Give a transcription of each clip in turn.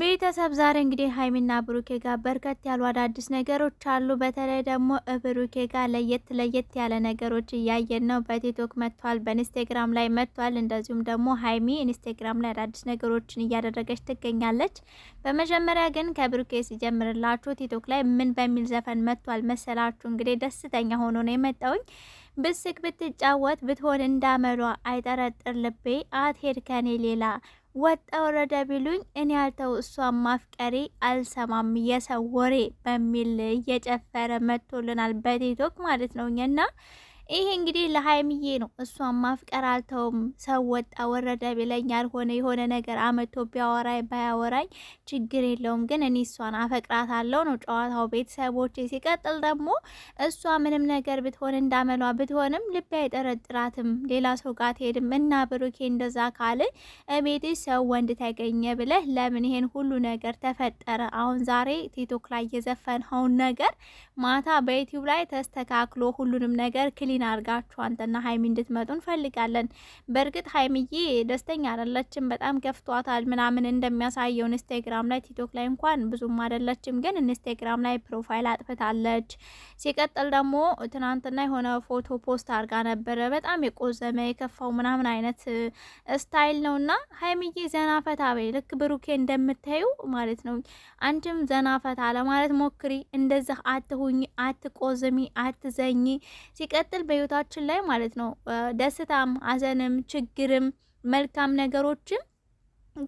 ቤተሰብ ዛሬ እንግዲህ ሀይሚና ብሩኬ ጋር በርከት ያሉ አዳዲስ ነገሮች አሉ። በተለይ ደግሞ ብሩኬ ጋር ለየት ለየት ያለ ነገሮች እያየን ነው። በቲክቶክ መጥቷል፣ በኢንስቴግራም ላይ መጥቷል። እንደዚሁም ደግሞ ሀይሚ ኢንስቴግራም ላይ አዳዲስ ነገሮችን እያደረገች ትገኛለች። በመጀመሪያ ግን ከብሩኬ ሲጀምርላችሁ ቲክቶክ ላይ ምን በሚል ዘፈን መጥቷል መሰላችሁ? እንግዲህ ደስተኛ ሆኖ ነው የመጣውኝ ብስክ ብትጫወት ብትሆን እንዳመሏ አይጠረጥር ልቤ አትሄድ ከኔ ሌላ ወጣ ወረደ ቢሉኝ እኔ ያልተው እሷን ማፍቀሪ አልሰማም የሰው ወሬ በሚል እየጨፈረ መጥቶልናል በቲክቶክ ማለት ነው እና ይሄ እንግዲህ ለሀይምዬ ነው። እሷን ማፍቀር አልተውም። ሰው ወጣ ወረደ ቢለኝ ያልሆነ የሆነ ነገር አመቶ ቢያወራኝ ባያወራኝ ችግር የለውም፣ ግን እኔ እሷን አፈቅራታለሁ ነው ጨዋታው ቤተሰቦቼ ሲቀጥል ደግሞ እሷ ምንም ነገር ብትሆን እንዳመሏ ብትሆንም ልቤ አይጠረጥራትም፣ ሌላ ሰው ጋር ትሄድም እና ብሩኬ እንደዛ ካል እቤትሽ ሰው ወንድ ተገኘ ብለህ ለምን ይሄን ሁሉ ነገር ተፈጠረ? አሁን ዛሬ ቲክቶክ ላይ የዘፈንኸውን ነገር ማታ በዩቲዩብ ላይ ተስተካክሎ ሁሉንም ነገር ክሊ ህሊና አድርጋችሁ አንተና ሀይሚ እንድትመጡ እንፈልጋለን። በእርግጥ ሀይሚዬ ደስተኛ አደለችም በጣም ከፍቷታል ምናምን እንደሚያሳየው ኢንስታግራም ላይ ቲክቶክ ላይ እንኳን ብዙም አይደለችም፣ ግን ኢንስታግራም ላይ ፕሮፋይል አጥፍታለች። ሲቀጥል ደግሞ ትናንትና የሆነ ፎቶ ፖስት አድርጋ ነበረ በጣም የቆዘመ የከፋው ምናምን አይነት ስታይል ነው እና ሀይሚዬ ዘና ፈታ በይ፣ ልክ ብሩኬ እንደምታዩ ማለት ነው። አንቺም ዘና ፈታ ለማለት ሞክሪ፣ እንደዚህ አትሁኝ፣ አትቆዝሚ፣ አትዘኝ። ሲቀጥል መቀጠል በህይወታችን ላይ ማለት ነው ደስታም፣ ሀዘንም፣ ችግርም መልካም ነገሮችም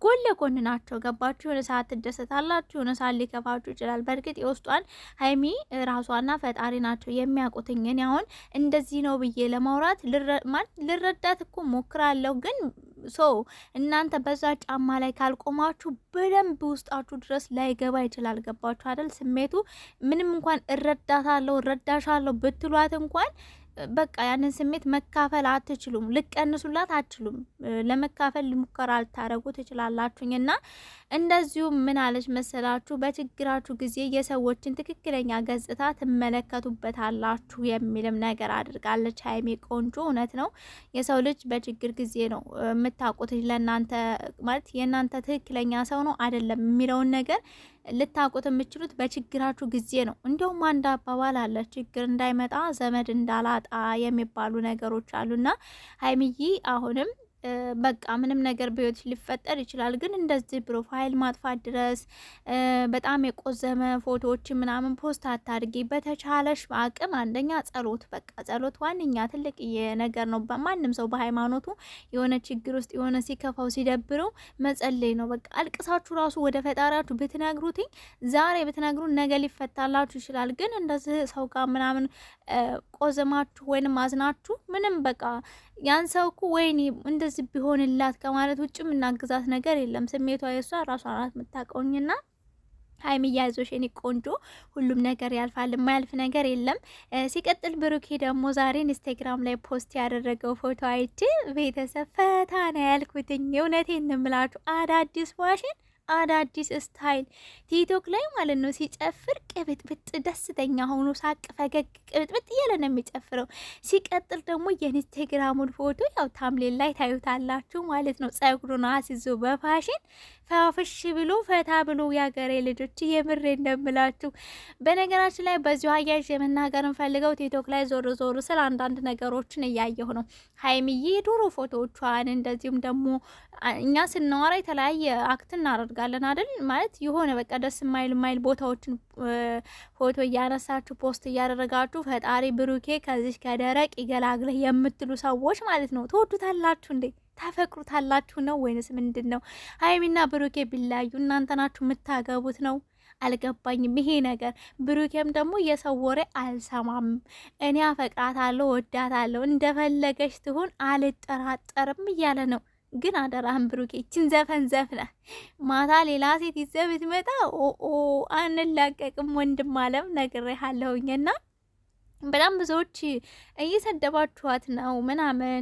ጎን ለጎን ናቸው። ገባችሁ? የሆነ ሰዓት ትደሰታላችሁ፣ የሆነ ሰዓት ሊከፋችሁ ይችላል። በእርግጥ የውስጧን ሀይሚ ራሷና ፈጣሪ ናቸው የሚያውቁትኝ። እኔ አሁን እንደዚህ ነው ብዬ ለማውራት ልረዳት እኮ ሞክራለሁ ግን ሶ እናንተ በዛ ጫማ ላይ ካልቆማችሁ በደንብ ውስጣችሁ ድረስ ላይገባ ይችላል። ገባችሁ አይደል? ስሜቱ ምንም እንኳን እረዳታለሁ እረዳሻለሁ ብትሏት እንኳን በቃ ያንን ስሜት መካፈል አትችሉም፣ ልቀንሱላት አትችሉም። ለመካፈል ሙከራ ልታደረጉ ትችላላችሁኝ እና እንደዚሁም ምን አለች መሰላችሁ በችግራችሁ ጊዜ የሰዎችን ትክክለኛ ገጽታ ትመለከቱበታላችሁ የሚልም ነገር አድርጋለች ሀይሜ። ቆንጆ እውነት ነው። የሰው ልጅ በችግር ጊዜ ነው የምታውቁት ለእናንተ ማለት የእናንተ ትክክለኛ ሰው ነው አይደለም የሚለውን ነገር ልታውቁት የምችሉት በችግራችሁ ጊዜ ነው። እንዲሁም አንድ አባባል አለ፣ ችግር እንዳይመጣ ዘመድ እንዳላጣ የሚባሉ ነገሮች አሉና ሀይሚዬ አሁንም በቃ ምንም ነገር በህይወት ሊፈጠር ይችላል። ግን እንደዚህ ፕሮፋይል ማጥፋት ድረስ በጣም የቆዘመ ፎቶዎችን ምናምን ፖስት አታድርጊ። በተቻለሽ አቅም አንደኛ ጸሎት፣ በቃ ጸሎት ዋነኛ ትልቅ ነገር ነው። በማንም ሰው በሃይማኖቱ የሆነ ችግር ውስጥ የሆነ ሲከፋው ሲደብረው መጸለይ ነው። በቃ አልቅሳችሁ ራሱ ወደ ፈጣሪያችሁ ብትነግሩትኝ ዛሬ ብትነግሩ ነገ ሊፈታላችሁ ይችላል። ግን እንደዚህ ሰው ጋር ምናምን ቆዘማችሁ ወይንም አዝናችሁ ምንም በቃ ያን ሰው እኮ ወይኔ እንደዚህ ቢሆንስ ቢሆንላት ከማለት ውጭ የምናግዛት ነገር የለም። ስሜቷ የሷ ራሷ ናት የምታውቀውኝና ሀይሚ ያዞሽ የኔ ቆንጆ፣ ሁሉም ነገር ያልፋል፣ የማያልፍ ነገር የለም። ሲቀጥል ብሩኬ ደግሞ ዛሬ ኢንስታግራም ላይ ፖስት ያደረገው ፎቶ አይቼ ቤተሰብ ፈታ ነው ያልኩትኝ። እውነቴን እንምላችሁ አዳዲስ ፋሽን አዳዲስ ስታይል ቲክቶክ ላይ ማለት ነው ሲጨፍር ቅብጥብጥ ደስተኛ ሆኖ ሳቅ ፈገግ ቅብጥብጥ እያለ ነው የሚጨፍረው። ሲቀጥል ደግሞ የኢንስቴግራሙን ፎቶ ያው ታምሌል ላይ ታዩታላችሁ ማለት ነው። ጸጉሩን አስይዞ በፋሽን ፈፍሽ ብሎ ፈታ ብሎ የአገሬ ልጆች የምሬ እንደምላችሁ። በነገራችን ላይ በዚሁ አያዥ የመናገር እንፈልገው ቲክቶክ ላይ ዞር ዞር ስል አንዳንድ ነገሮችን እያየሁ ነው። ሀይሚዬ የድሮ ፎቶዎቿን እንደዚሁም ደግሞ እኛ ስናወራ የተለያየ አክት እናደርግ እንፈልጋለን አይደል? ማለት የሆነ በቃ ደስ የማይል ማይል ቦታዎችን ፎቶ እያነሳችሁ ፖስት እያደረጋችሁ ፈጣሪ ብሩኬ ከዚህ ከደረቅ ይገላግልህ የምትሉ ሰዎች ማለት ነው። ትወዱታላችሁ እንዴ? ታፈቅሩታላችሁ ነው ወይንስ ምንድን ነው? ሀይሚና ብሩኬ ቢለያዩ እናንተ ናችሁ የምታገቡት ነው? አልገባኝም ይሄ ነገር። ብሩኬም ደግሞ የሰው ወሬ አልሰማም፣ እኔ አፈቅራታለሁ፣ ወዳታለሁ፣ እንደፈለገች ትሁን አልጠራጠርም እያለ ነው። ግን አደራህን ብሩኬ ይችን ዘፈን ዘፍነ ማታ ሌላ ሴት ይዘህ ብትመጣ ኦ አንላቀቅም ወንድም አለም ነግሬሃለሁኝና በጣም ብዙዎች እየሰደባችኋት ነው ምናምን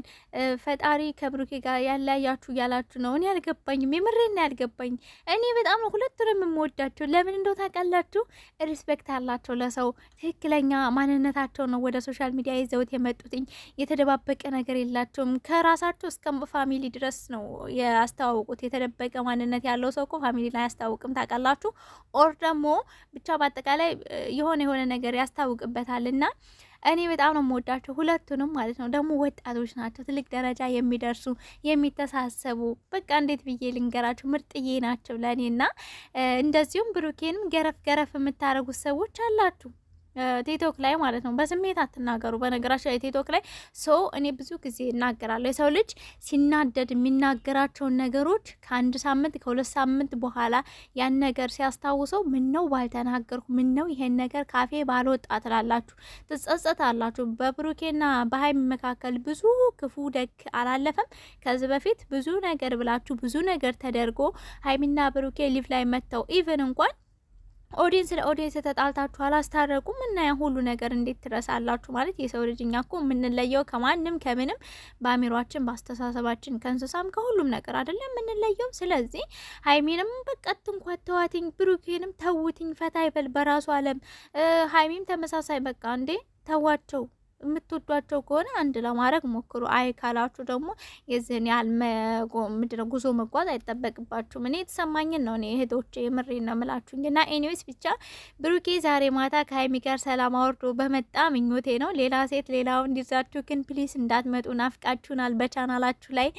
ፈጣሪ ከብሩኬ ጋር ያለያችሁ እያላችሁ ነው። እኔ አልገባኝም፣ የምሬን ያልገባኝ። እኔ በጣም ሁለቱንም የምወዳቸው ለምን እንደው ታውቃላችሁ፣ ሪስፔክት አላቸው ለሰው ትክክለኛ ማንነታቸው ነው ወደ ሶሻል ሚዲያ ይዘውት የመጡትኝ። የተደባበቀ ነገር የላቸውም። ከራሳቸው እስከ ፋሚሊ ድረስ ነው ያስተዋውቁት። የተደበቀ ማንነት ያለው ሰው እኮ ላይ አያስታውቅም ታውቃላችሁ። ኦር ደግሞ ብቻ በአጠቃላይ የሆነ የሆነ ነገር ያስታውቅበታል እና እኔ በጣም ነው የምወዳቸው ሁለቱንም ማለት ነው። ደግሞ ወጣቶች ናቸው፣ ትልቅ ደረጃ የሚደርሱ የሚተሳሰቡ፣ በቃ እንዴት ብዬ ልንገራቸው ምርጥዬ ናቸው ለእኔና እንደዚሁም ብሩኬንም ገረፍ ገረፍ የምታደርጉት ሰዎች አላችሁ። ቲክቶክ ላይ ማለት ነው። በስሜት አትናገሩ። በነገራችን ላይ ቲክቶክ ላይ ሰው እኔ ብዙ ጊዜ እናገራለሁ። የሰው ልጅ ሲናደድ የሚናገራቸውን ነገሮች ከአንድ ሳምንት ከሁለት ሳምንት በኋላ ያን ነገር ሲያስታውሰው ምን ነው ባልተናገርኩ፣ ምን ነው ይሄን ነገር ካፌ ባልወጣ ትላላችሁ፣ ትጸጸታላችሁ። በብሩኬና በሀይሚ መካከል ብዙ ክፉ ደግ አላለፈም። ከዚህ በፊት ብዙ ነገር ብላችሁ ብዙ ነገር ተደርጎ ሀይሚና ብሩኬ ሊቭ ላይ መጥተው ኢቨን እንኳን ኦዲንስ ለኦዲንስ ተጣልታችሁ አላስታረቁም እና ያ ሁሉ ነገር እንዴት ትረሳላችሁ? ማለት የሰው ልጅ እኛ እኮ የምንለየው ከማንም ከምንም በአእምሯችን፣ በአስተሳሰባችን፣ ከእንስሳም ከሁሉም ነገር አይደለም የምንለየው። ስለዚህ ሀይሚንም በቃ ትንኳት ተዋትኝ፣ ብሩኬንም ተውትኝ፣ ፈታ ይበል በራሱ አለም። ሀይሚም ተመሳሳይ በቃ እንዴ ተዋቸው። የምትወዷቸው ከሆነ አንድ ለማድረግ ሞክሩ። አይ ካላችሁ ደግሞ የዚህን ያህል ምንድነው ጉዞ መጓዝ አይጠበቅባችሁም። እኔ የተሰማኝን ነው እኔ እህቶች የምሬ ነው የምላችሁ እና ኤኒዌይስ ብቻ ብሩኬ ዛሬ ማታ ከሀይሚ ጋር ሰላም አወርዶ በመጣ ምኞቴ ነው። ሌላ ሴት ሌላው እንዲዛችሁ ግን ፕሊስ እንዳትመጡ፣ ናፍቃችሁናል። በቻናላችሁ ላይ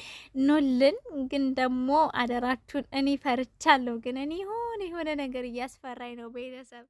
ኖልን ግን ደግሞ አደራችሁን። እኔ ፈርቻለሁ፣ ግን እኔ ሆን የሆነ ነገር እያስፈራኝ ነው ቤተሰብ